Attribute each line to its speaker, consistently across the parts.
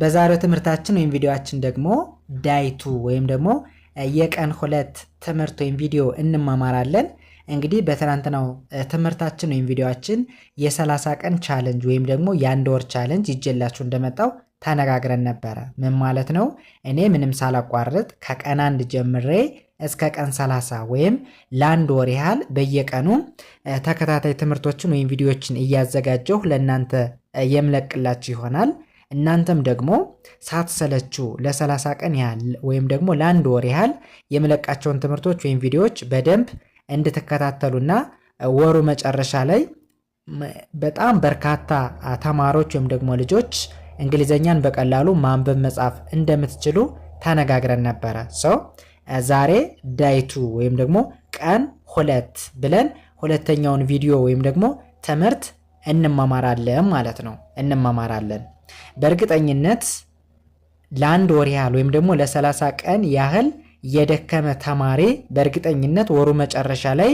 Speaker 1: በዛሬው ትምህርታችን ወይም ቪዲዮችን ደግሞ ዳይቱ ወይም ደግሞ የቀን ሁለት ትምህርት ወይም ቪዲዮ እንማማራለን። እንግዲህ በትናንትናው ትምህርታችን ወይም ቪዲዮችን የ30 ቀን ቻለንጅ ወይም ደግሞ የአንድ ወር ቻለንጅ ይጀላችሁ እንደመጣው ተነጋግረን ነበረ። ምን ማለት ነው? እኔ ምንም ሳላቋርጥ ከቀን አንድ ጀምሬ እስከ ቀን 30 ወይም ለአንድ ወር ያህል በየቀኑ ተከታታይ ትምህርቶችን ወይም ቪዲዮዎችን እያዘጋጀሁ ለእናንተ የምለቅላችሁ ይሆናል። እናንተም ደግሞ ሳትሰለችው ለ30 ቀን ያህል ወይም ደግሞ ለአንድ ወር ያህል የምለቃቸውን ትምህርቶች ወይም ቪዲዮዎች በደንብ እንድትከታተሉና ወሩ መጨረሻ ላይ በጣም በርካታ ተማሪዎች ወይም ደግሞ ልጆች እንግሊዘኛን በቀላሉ ማንበብ መጻፍ እንደምትችሉ ተነጋግረን ነበረ። ሰው ዛሬ ዳይቱ ወይም ደግሞ ቀን ሁለት ብለን ሁለተኛውን ቪዲዮ ወይም ደግሞ ትምህርት እንማማራለን ማለት ነው። እንማማራለን በእርግጠኝነት ለአንድ ወር ያህል ወይም ደግሞ ለሰላሳ ቀን ያህል የደከመ ተማሪ በእርግጠኝነት ወሩ መጨረሻ ላይ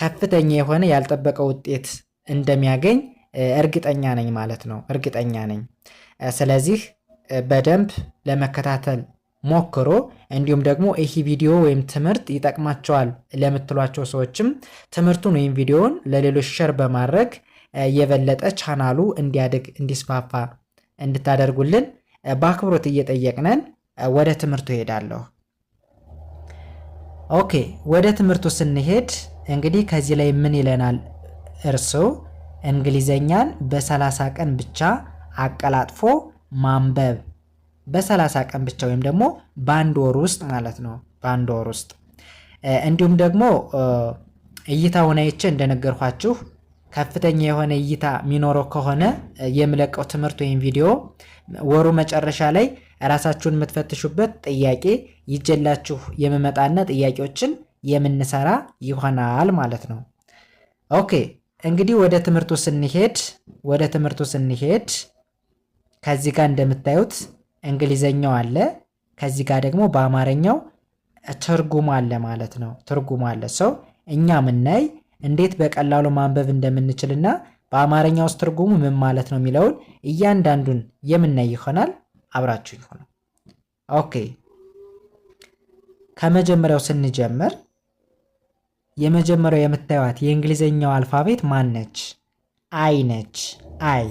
Speaker 1: ከፍተኛ የሆነ ያልጠበቀ ውጤት እንደሚያገኝ እርግጠኛ ነኝ ማለት ነው። እርግጠኛ ነኝ። ስለዚህ በደንብ ለመከታተል ሞክሮ እንዲሁም ደግሞ ይህ ቪዲዮ ወይም ትምህርት ይጠቅማቸዋል ለምትሏቸው ሰዎችም ትምህርቱን ወይም ቪዲዮውን ለሌሎች ሸር በማድረግ የበለጠ ቻናሉ እንዲያድግ እንዲስፋፋ እንድታደርጉልን በአክብሮት እየጠየቅነን ወደ ትምህርቱ ሄዳለሁ። ኦኬ ወደ ትምህርቱ ስንሄድ እንግዲህ ከዚህ ላይ ምን ይለናል? እርሱ እንግሊዘኛን በ30 ቀን ብቻ አቀላጥፎ ማንበብ በ30 ቀን ብቻ ወይም ደግሞ በአንድ ወር ውስጥ ማለት ነው። በአንድ ወር ውስጥ እንዲሁም ደግሞ እይታውን አይቼ እንደነገርኳችሁ ከፍተኛ የሆነ እይታ የሚኖረው ከሆነ የምለቀው ትምህርት ወይም ቪዲዮ ወሩ መጨረሻ ላይ ራሳችሁን የምትፈትሹበት ጥያቄ ይጀላችሁ የምመጣና ጥያቄዎችን የምንሰራ ይሆናል ማለት ነው። ኦኬ እንግዲህ ወደ ትምህርቱ ስንሄድ ወደ ትምህርቱ ስንሄድ ከዚህ ጋር እንደምታዩት እንግሊዘኛው አለ። ከዚህ ጋር ደግሞ በአማርኛው ትርጉም አለ ማለት ነው። ትርጉም አለ ሰው እኛ ምናይ እንዴት በቀላሉ ማንበብ እንደምንችልና በአማርኛ ውስጥ ትርጉሙ ምን ማለት ነው የሚለውን እያንዳንዱን የምናይ ይሆናል። አብራችሁ ይሆነ። ኦኬ ከመጀመሪያው ስንጀምር የመጀመሪያው የምታዩት የእንግሊዝኛው አልፋቤት ማን ነች? አይ ነች። አይ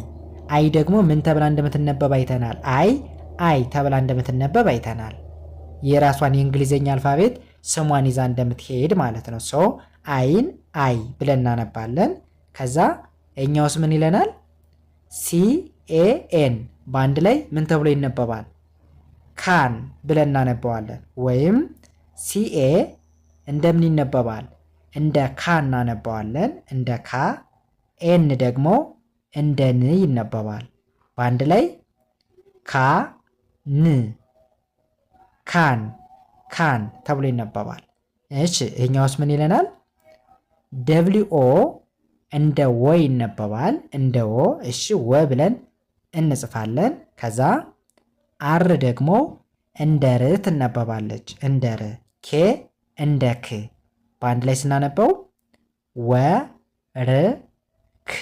Speaker 1: አይ ደግሞ ምን ተብላ እንደምትነበብ አይተናል። አይ አይ ተብላ እንደምትነበብ አይተናል። የራሷን የእንግሊዘኛ አልፋቤት ስሟን ይዛ እንደምትሄድ ማለት ነው። አይን አይ ብለን እናነባለን። ከዛ እኛውስ ምን ይለናል? ሲኤኤን በአንድ ላይ ምን ተብሎ ይነበባል? ካን ብለን እናነባዋለን። ወይም ሲኤ እንደምን ይነበባል? እንደ ካ እናነባዋለን። እንደ ካ ኤን ደግሞ እንደ ን ይነበባል። በአንድ ላይ ካ ን ካን ካን ተብሎ ይነበባል። እሺ ይህኛውስ ምን ይለናል? ደብሊው ኦ እንደ ወ ይነበባል። እንደ ወ እሺ፣ ወ ብለን እንጽፋለን። ከዛ አር ደግሞ እንደ ር ትነበባለች። እንደ ር ኬ እንደ ክ በአንድ ላይ ስናነበው ወ ር ክ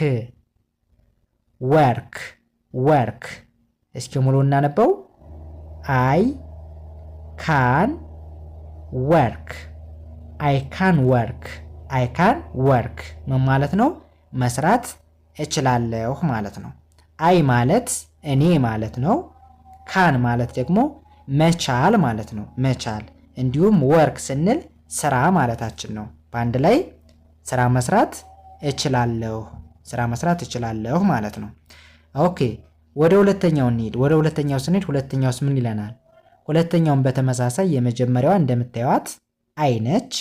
Speaker 1: ወርክ ወርክ። እስኪ ሙሉ እናነበው አይ ካን ወርክ አይ ካን ወርክ አይ ካን ወርክ ምን ማለት ነው? መስራት እችላለሁ ማለት ነው። አይ ማለት እኔ ማለት ነው። ካን ማለት ደግሞ መቻል ማለት ነው። መቻል እንዲሁም ወርክ ስንል ስራ ማለታችን ነው። በአንድ ላይ ስራ መስራት እችላለሁ፣ ስራ መስራት እችላለሁ ማለት ነው። ኦኬ ወደ ሁለተኛው እንሂድ። ወደ ሁለተኛው ስንሄድ ሁለተኛውስ ምን ይለናል? ሁለተኛውን በተመሳሳይ የመጀመሪያዋ እንደምታዩት አይ ነች።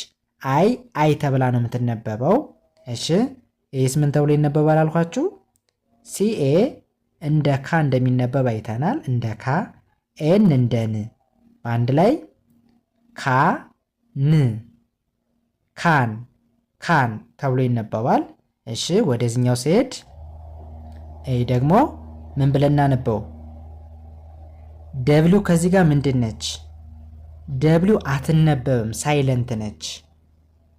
Speaker 1: አይ አይ ተብላ ነው የምትነበበው። እሺ ኤስ ምን ተብሎ ይነበባል አልኳችሁ? ሲኤ እንደ ካ እንደሚነበብ አይተናል። እንደ ካ ኤን እንደ ን በአንድ ላይ ካ ን ካን ካን ተብሎ ይነበባል። እሺ ወደዚኛው ስሄድ ይህ ደግሞ ምን ብለን እናነበው? ደብሊው ከዚህ ጋር ምንድን ነች? ደብሊው አትነበብም፣ ሳይለንት ነች።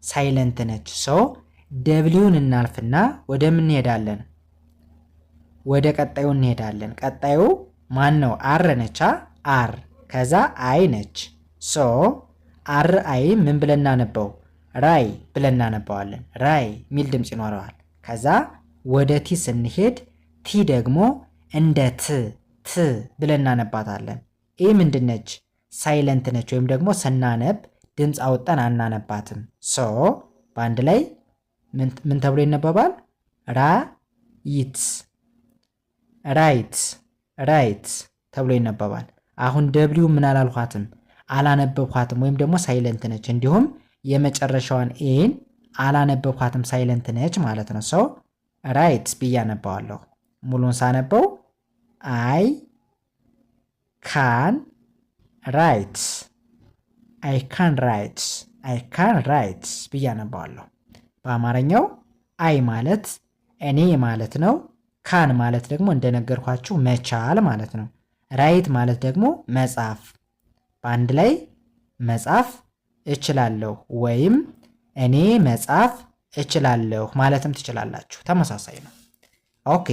Speaker 1: ሳይለንት ነች። ሰው ደብሊውን እናልፍና ወደ ምን እንሄዳለን? ወደ ቀጣዩ እንሄዳለን። ቀጣዩ ማን ነው? አር ነቻ አር ከዛ አይ ነች። ሶ አር አይ ምን ብለን ነበው? ራይ ብለን ነበዋለን። ራይ የሚል ድምፅ ይኖረዋል። ከዛ ወደ ቲ ስንሄድ ቲ ደግሞ እንደ ት ት ብለን እናነባታለን። ኤ ምንድነች? ሳይለንት ነች ወይም ደግሞ ስናነብ ድምፅ አውጠን አናነባትም። ሶ በአንድ ላይ ምን ተብሎ ይነበባል? ራይት ራይት ራይት ተብሎ ይነበባል። አሁን ደብሊው ምን አላልኋትም አላነበብኳትም፣ ወይም ደግሞ ሳይለንት ነች። እንዲሁም የመጨረሻዋን ኤን አላነበብኳትም፣ ሳይለንት ነች ማለት ነው። ሰው ራይት ብዬ አነባዋለሁ። ሙሉን ሳነበው አይ ካን ራይት አይ ካን ራይት አይ ካን ራይት ብዬ አነባዋለሁ። በአማርኛው አይ ማለት እኔ ማለት ነው። ካን ማለት ደግሞ እንደነገርኳችሁ መቻል ማለት ነው። ራይት ማለት ደግሞ መጻፍ። በአንድ ላይ መጻፍ እችላለሁ ወይም እኔ መጻፍ እችላለሁ ማለትም ትችላላችሁ። ተመሳሳይ ነው። ኦኬ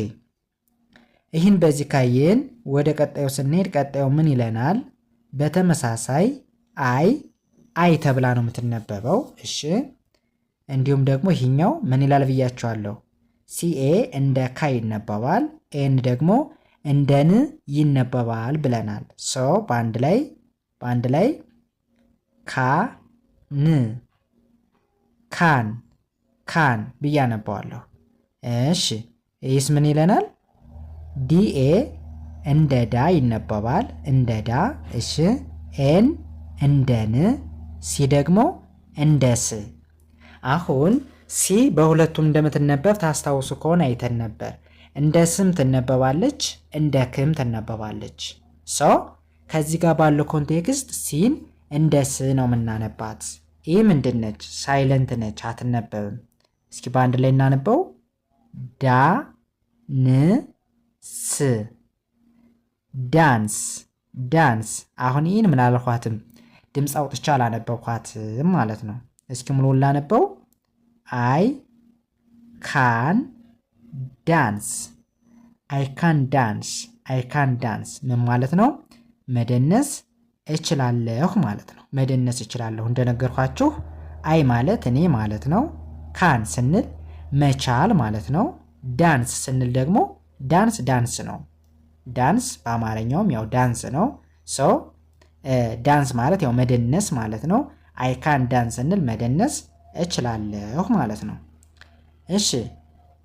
Speaker 1: ይህን በዚህ ካየን ወደ ቀጣዩ ስንሄድ ቀጣዩ ምን ይለናል? በተመሳሳይ አይ አይ ተብላ ነው የምትነበበው። እሺ እንዲሁም ደግሞ ይህኛው ምን ይላል ብያቸዋለሁ። ሲኤ እንደ ካ ይነበባል። ኤን ደግሞ እንደ ን ይነበባል ብለናል። ሶ በአንድ ላይ በአንድ ላይ ካ ን ካን ካን ብያነባዋለሁ። እሺ ይህስ ምን ይለናል? ዲኤ እንደ ዳ ይነበባል። እንደ ዳ እሺ ኤን እንደ ን ሲ ደግሞ እንደ ስ። አሁን ሲ በሁለቱም እንደምትነበብ ታስታውሱ ከሆነ አይተን ነበር። እንደ ስም ትነበባለች፣ እንደ ክም ትነበባለች። ሶ ከዚህ ጋር ባለው ኮንቴክስት ሲን እንደ ስ ነው የምናነባት። ይህ ምንድን ነች? ሳይለንት ነች፣ አትነበብም። እስኪ በአንድ ላይ እናነበው። ዳ ን ስ ዳንስ ዳንስ። አሁን ይህን ምን አልኳትም ድምፅ አውጥቻ አላነበብኳትም ማለት ነው። እስኪ ሙሉውን ላነበው። አይ ካን ዳንስ፣ አይ ካን ዳንስ፣ አይ ካን ዳንስ ምን ማለት ነው? መደነስ እችላለሁ ማለት ነው። መደነስ እችላለሁ እንደነገርኳችሁ አይ ማለት እኔ ማለት ነው። ካን ስንል መቻል ማለት ነው። ዳንስ ስንል ደግሞ ዳንስ ዳንስ ነው። ዳንስ በአማርኛውም ያው ዳንስ ነው ሰው ዳንስ ማለት ያው መደነስ ማለት ነው። ካን ዳንስ ስንል መደነስ እችላለሁ ማለት ነው። እሺ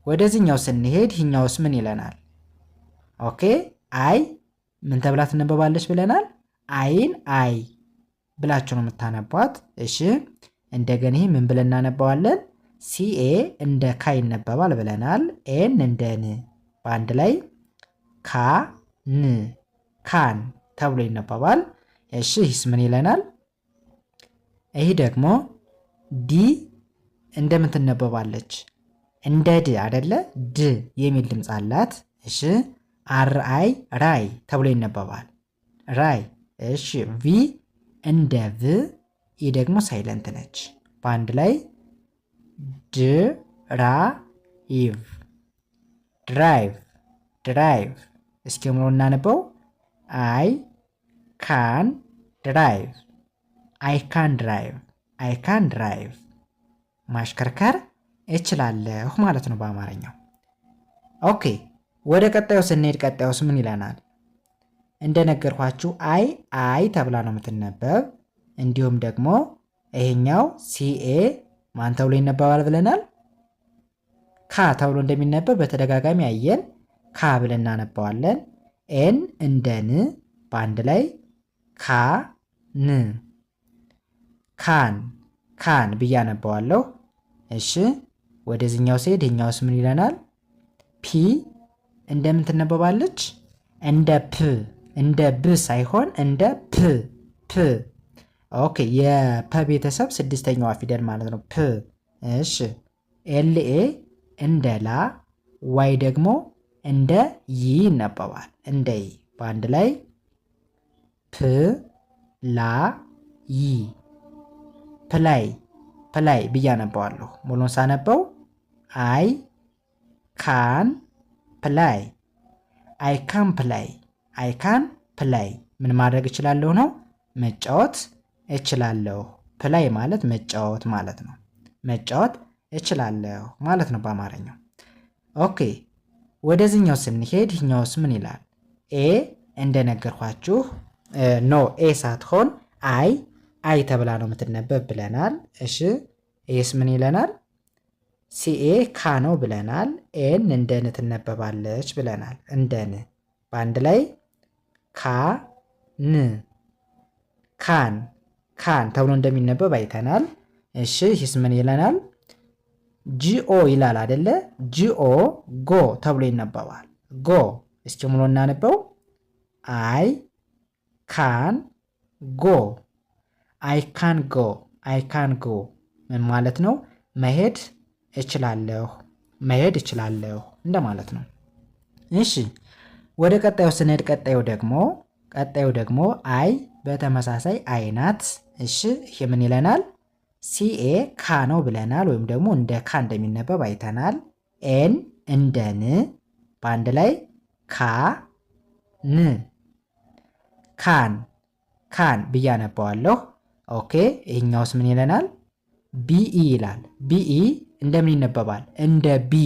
Speaker 1: ወደዚህኛው ስንሄድ ይህኛውስ ምን ይለናል? ኦኬ አይ ምን ተብላ ትነበባለች ብለናል። አይን አይ ብላችሁ ነው የምታነቧት። እሺ እንደገና ይህ ምን ብለን እናነባዋለን? ሲኤ እንደ ካ ይነበባል ብለናል። ኤን እንደ ን በአንድ ላይ ካ ን ካን ተብሎ ይነበባል። እሺ ይህስ ምን ይለናል? ይህ ደግሞ ዲ እንደምን ትነበባለች? እንደ ድ አደለ? ድ የሚል ድምፅ አላት። እሺ አርአይ ራይ ተብሎ ይነበባል። ራይ። እሺ ቪ እንደ ቭ፣ ይህ ደግሞ ሳይለንት ነች። በአንድ ላይ ኢቭ ድራይቭ ድራይቭ። እስኪ ምሮ እናነበው አይ ካን ድራይቭ አይ ካን ድራይቭ አይ ካን ድራይቭ ማሽከርከር እችላለሁ ማለት ነው በአማርኛው። ኦኬ ወደ ቀጣዩ ስንሄድ ቀጣዩስ ምን ይለናል? እንደነገርኳችሁ አይ አይ ተብላ ነው የምትነበብ። እንዲሁም ደግሞ ይሄኛው ሲኤ ማን ተብሎ ይነበባል ብለናል? ካ ተብሎ እንደሚነበብ በተደጋጋሚ አየን። ካ ብለን እናነባዋለን። ኤን እንደ ን በአንድ ላይ ካ ን ካን ካን ብዬ አነባዋለሁ። እሺ ወደዚኛው ስሄድ ይሄኛውስ ምን ይለናል? ፒ እንደምን ትነበባለች? እንደ ፕ እንደ ብ ሳይሆን እንደ ፕ ፕ። ኦኬ የፐ ቤተሰብ ስድስተኛዋ ፊደል ማለት ነው ፕ። እሺ ኤልኤ እንደ ላ፣ ዋይ ደግሞ እንደ ይ ይነበባል። እንደ ይ በአንድ ላይ ፕ ላ ይ ፕላይ ፕላይ ብዬ አነባዋለሁ። ሙሉን ሳነበው አይ ካን ፕላይ አይ ካን ፕላይ አይ ካን ፕላይ ምን ማድረግ እችላለሁ ነው መጫወት እችላለሁ። ፕላይ ማለት መጫወት ማለት ነው። መጫወት እችላለሁ ማለት ነው በአማርኛው። ኦኬ ወደዚህኛው ስንሄድ ይህኛውስ ምን ይላል? ኤ እንደነገርኳችሁ ኖ ኤ ሳትሆን አይ አይ ተብላ ነው የምትነበብ ብለናል። እሺ ኤስ ምን ይለናል? ሲኤ ካ ነው ብለናል። ኤን እንደን ትነበባለች ብለናል። እንደን በአንድ ላይ ካ ን ካን ካን ተብሎ እንደሚነበብ አይተናል። እሺ ይህስ ምን ይለናል? ጂኦ ይላል አደለ? ጂኦ ጎ ተብሎ ይነበባል። ጎ እስኪ ሙሉ እናነበው አይ ካን ጎ አይ ካን ጎ አይ ካን ጎ ምን ማለት ነው? መሄድ እችላለሁ መሄድ እችላለሁ እንደማለት ነው። እሺ ወደ ቀጣዩ ስንሄድ ቀጣዩ ደግሞ ቀጣዩ ደግሞ አይ በተመሳሳይ አይ ናት። እሺ ይሄ ምን ይለናል? ሲኤ ካ ነው ብለናል፣ ወይም ደግሞ እንደ ካ እንደሚነበብ አይተናል። ኤን እንደ ን በአንድ ላይ ካ ን ካን ካን ብዬ አነባዋለሁ። ኦኬ ይህኛውስ ምን ይለናል? ቢኢ ይላል። ቢኢ እንደምን ይነበባል? እንደ ቢ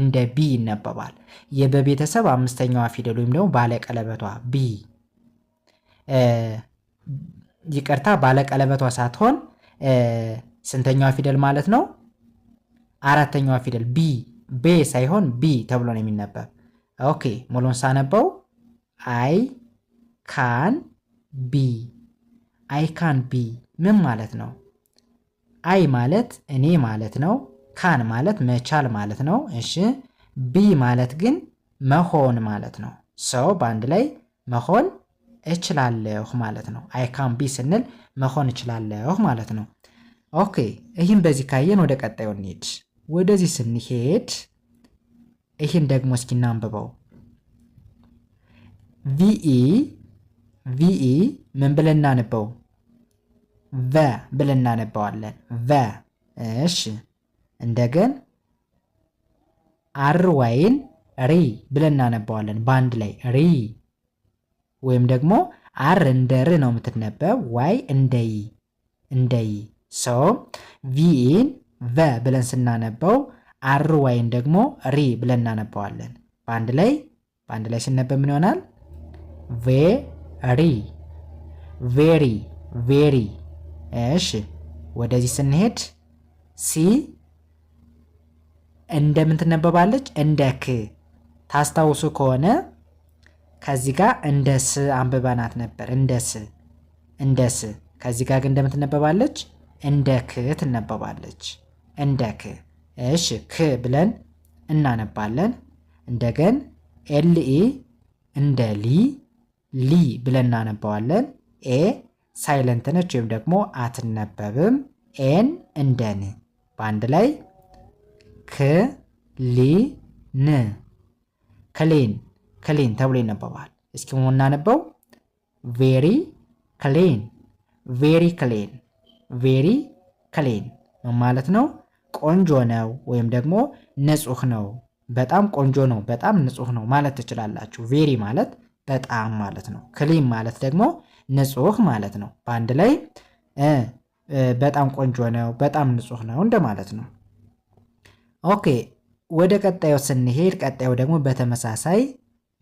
Speaker 1: እንደ ቢ ይነበባል። የበቤተሰብ አምስተኛዋ ፊደል ወይም ደግሞ ባለቀለበቷ ቢ፣ ይቅርታ ባለቀለበቷ ሳትሆን ስንተኛዋ ፊደል ማለት ነው? አራተኛዋ ፊደል ቢ፣ ቤ ሳይሆን ቢ ተብሎ ነው የሚነበብ። ኦኬ ሙሉን ሳነበው አይ ካን ቢ አይ ካን ቢ ምን ማለት ነው? አይ ማለት እኔ ማለት ነው። ካን ማለት መቻል ማለት ነው። እሺ ቢ ማለት ግን መሆን ማለት ነው። ሰው በአንድ ላይ መሆን እችላለሁ ማለት ነው። አይ ካን ቢ ስንል መሆን እችላለሁ ማለት ነው። ኦኬ ይህን በዚህ ካየን ወደ ቀጣዩ እንሄድ። ወደዚህ ስንሄድ ይህን ደግሞ እስኪ እናንብበው ቪኢ ቪኢ ምን ብለን እናነበው? ቨ ብለን እናነበዋለን። ቨ እሺ። እንደገን አር ወይን ሪ ብለን እናነበዋለን። በአንድ ላይ ሪ ወይም ደግሞ አር እንደ ር ነው የምትነበብ። ዋይ እንደ ይ እንደ ይ ሶ ቪኢን ቨ ብለን ስናነበው አር ዋይን ደግሞ ሪ ብለን እናነበዋለን። በአንድ ላይ በአንድ ላይ ስነበብ ምን ይሆናል? ቬ ሪ ቬሪ ቬሪ። እሺ ወደዚህ ስንሄድ ሲ እንደምን ትነበባለች? እንደ ክ ታስታውሱ ከሆነ ከዚህ ጋር እንደ ስ አንብበናት ነበር። እንደ ስ እንደ ስ። ከዚህ ጋር ግን እንደምን ትነበባለች? እንደ ክ ትነበባለች። እንደ ክ። እሺ ክ ብለን እናነባለን። እንደገን ኤልኢ እንደ ሊ ሊ ብለን እናነባዋለን። ኤ ሳይለንት ነች ወይም ደግሞ አትነበብም። ኤን እንደ ን በአንድ ላይ ክ ሊ ን ክሊን ክሊን ተብሎ ይነበባል። እስኪ ሞ እናነበው ቬሪ ክሊን ቬሪ ክሊን ቬሪ ክሊን ማለት ነው ቆንጆ ነው ወይም ደግሞ ንጹህ ነው። በጣም ቆንጆ ነው፣ በጣም ንጹህ ነው ማለት ትችላላችሁ። ቬሪ ማለት በጣም ማለት ነው። ክሊን ማለት ደግሞ ንጹህ ማለት ነው። በአንድ ላይ በጣም ቆንጆ ነው፣ በጣም ንጹህ ነው እንደማለት ነው። ኦኬ ወደ ቀጣዩ ስንሄድ ቀጣዩ ደግሞ በተመሳሳይ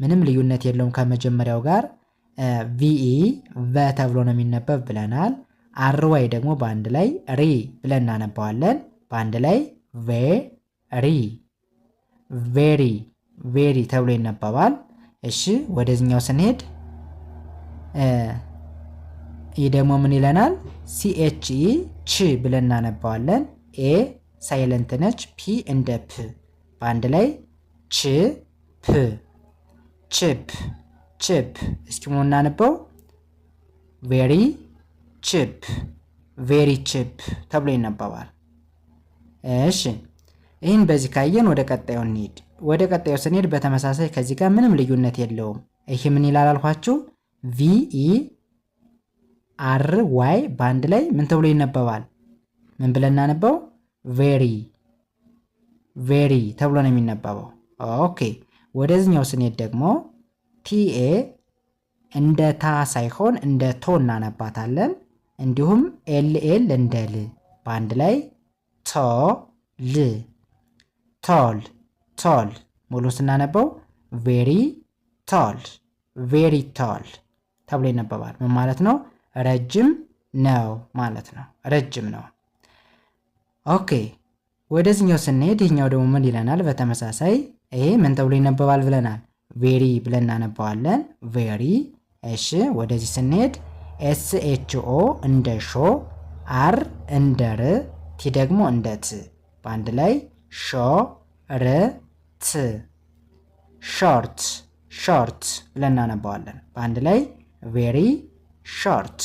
Speaker 1: ምንም ልዩነት የለውም ከመጀመሪያው ጋር ቪኢ ቨ ተብሎ ነው የሚነበብ ብለናል። አርዋይ ደግሞ በአንድ ላይ ሪ ብለን እናነባዋለን። በአንድ ላይ ቬ ሪ ቬሪ ቬሪ ተብሎ ይነበባል። እሺ ወደዚኛው ስንሄድ ይህ ደግሞ ምን ይለናል? ሲኤች ኢ ቺ ብለን እናነባዋለን። ኤ ሳይለንት ነች፣ ፒ እንደ ፕ በአንድ ላይ ቺ ፕ ቺፕ ቺፕ። እስኪ ሆኖ እናነበው ቬሪ ቺፕ ቬሪ ቺፕ ተብሎ ይነበባል። እሺ ይህን በዚህ ካየን ወደ ቀጣዩ እንሂድ። ወደ ቀጣዩ ስንሄድ በተመሳሳይ ከዚህ ጋር ምንም ልዩነት የለውም። ይሄ ምን ይላል አልኳችሁ? ቪኢ አር ዋይ በአንድ ላይ ምን ተብሎ ይነበባል? ምን ብለን እናነበው? ቬሪ ቬሪ ተብሎ ነው የሚነበበው። ኦኬ ወደዚኛው ስንሄድ ደግሞ ቲኤ እንደ ታ ሳይሆን እንደ ቶ እናነባታለን። እንዲሁም ኤልኤል እንደ ል በአንድ ላይ ቶ ል ቶል ቶል ሙሉ ስናነበው ቬሪ ቶል ቬሪ ቶል ተብሎ ይነበባል። ምን ማለት ነው? ረጅም ነው ማለት ነው። ረጅም ነው። ኦኬ ወደዚህኛው ስንሄድ ይህኛው ደግሞ ምን ይለናል? በተመሳሳይ ይሄ ምን ተብሎ ይነበባል ብለናል። ቬሪ ብለን እናነባዋለን። ቬሪ እሺ። ወደዚህ ስንሄድ ኤስ ኤች ኦ እንደ ሾ፣ አር እንደ ር፣ ቲ ደግሞ እንደ ት በአንድ ላይ ሾ ር ት ሾርት ሾርት ብለን እናነባዋለን። በአንድ ላይ ቬሪ ሾርት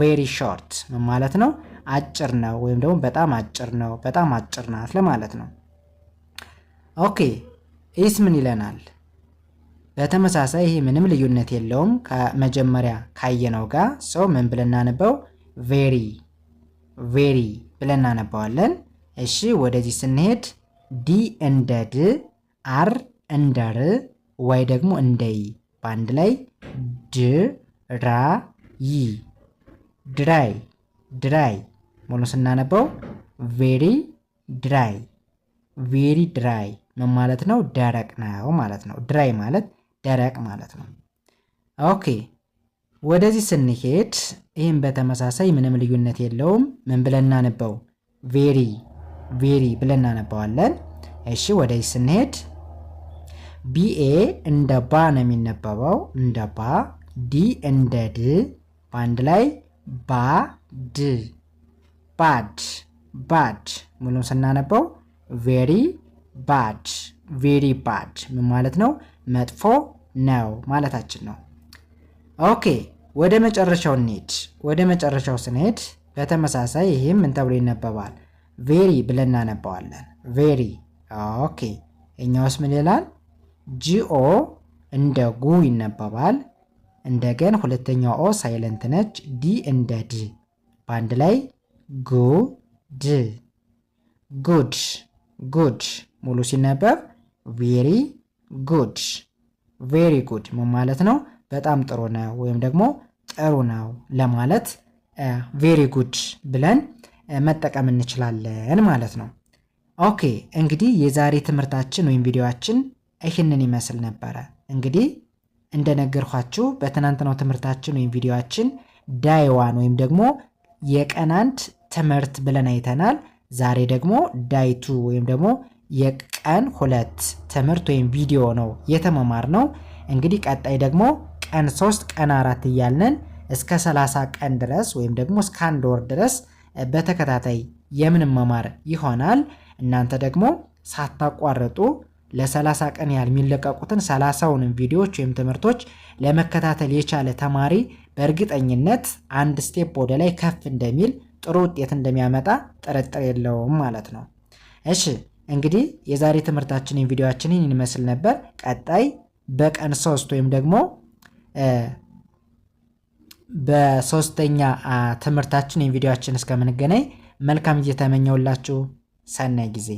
Speaker 1: ቬሪ ሾርት ምን ማለት ነው? አጭር ነው ወይም ደግሞ በጣም አጭር ነው፣ በጣም አጭር ናት ለማለት ነው። ኦኬ ኢስ ምን ይለናል? በተመሳሳይ ይሄ ምንም ልዩነት የለውም ከመጀመሪያ ካየነው ጋር ሰው ምን ብለን እናነበው? ቬሪ ቬሪ ብለን እናነባዋለን። እሺ ወደዚህ ስንሄድ ዲ እንደ ድ አር እንደ ር ዋይ ደግሞ እንደይ በአንድ ላይ ድራይ ድራይ ድራይ ሆኖ ስናነበው ቬሪ ድራይ ቬሪ ድራይ ምን ማለት ነው? ደረቅ ነው ማለት ነው። ድራይ ማለት ደረቅ ማለት ነው። ኦኬ ወደዚህ ስንሄድ ይህም በተመሳሳይ ምንም ልዩነት የለውም። ምን ብለን እናነበው? ቬሪ ቬሪ ብለን እናነበዋለን። እሺ ወደዚህ ስንሄድ ቢኤ እንደ ባ ነው የሚነበበው፣ እንደ ባ። ዲ እንደ ድ፣ በአንድ ላይ ባ ድ ባድ ባድ። ሙሉን ስናነበው ቬሪ ባድ ቬሪ ባድ ምን ማለት ነው? መጥፎ ነው ማለታችን ነው። ኦኬ ወደ መጨረሻው እንሄድ። ወደ መጨረሻው ስንሄድ በተመሳሳይ ይህም ምን ተብሎ ይነበባል? ቬሪ ብለን እናነባዋለን። ቬሪ ኦኬ። እኛውስ ምን ይላል? ጂኦ እንደ ጉ ይነበባል። እንደገን ሁለተኛው ኦ ሳይለንት ነች። ዲ እንደ ድ በአንድ ላይ ጉ ድ ጉድ ጉድ ሙሉ ሲነበብ ቬሪ ጉድ ቬሪ ጉድ ምን ማለት ነው? በጣም ጥሩ ነው ወይም ደግሞ ጥሩ ነው ለማለት ቬሪ ጉድ ብለን መጠቀም እንችላለን ማለት ነው። ኦኬ እንግዲህ የዛሬ ትምህርታችን ወይም ቪዲዮችን ይህንን ይመስል ነበረ። እንግዲህ እንደነገርኳችሁ በትናንትናው ትምህርታችን ወይም ቪዲዮችን ዳይዋን ወይም ደግሞ የቀን አንድ ትምህርት ብለን አይተናል። ዛሬ ደግሞ ዳይቱ ወይም ደግሞ የቀን ሁለት ትምህርት ወይም ቪዲዮ ነው የተመማር ነው። እንግዲህ ቀጣይ ደግሞ ቀን ሶስት ቀን አራት እያልን እስከ 30 ቀን ድረስ ወይም ደግሞ እስከ አንድ ወር ድረስ በተከታታይ የምንመማር ይሆናል። እናንተ ደግሞ ሳታቋርጡ ለ30 ቀን ያህል የሚለቀቁትን 30ውን ቪዲዮዎች ወይም ትምህርቶች ለመከታተል የቻለ ተማሪ በእርግጠኝነት አንድ ስቴፕ ወደ ላይ ከፍ እንደሚል ጥሩ ውጤት እንደሚያመጣ ጥርጥር የለውም ማለት ነው። እሺ እንግዲህ የዛሬ ትምህርታችንን ቪዲዮችንን ይመስል ነበር። ቀጣይ በቀን ሶስት ወይም ደግሞ በሶስተኛ ትምህርታችን ቪዲዮችን እስከምንገናኝ መልካም እየተመኘውላችሁ ሰናይ ጊዜ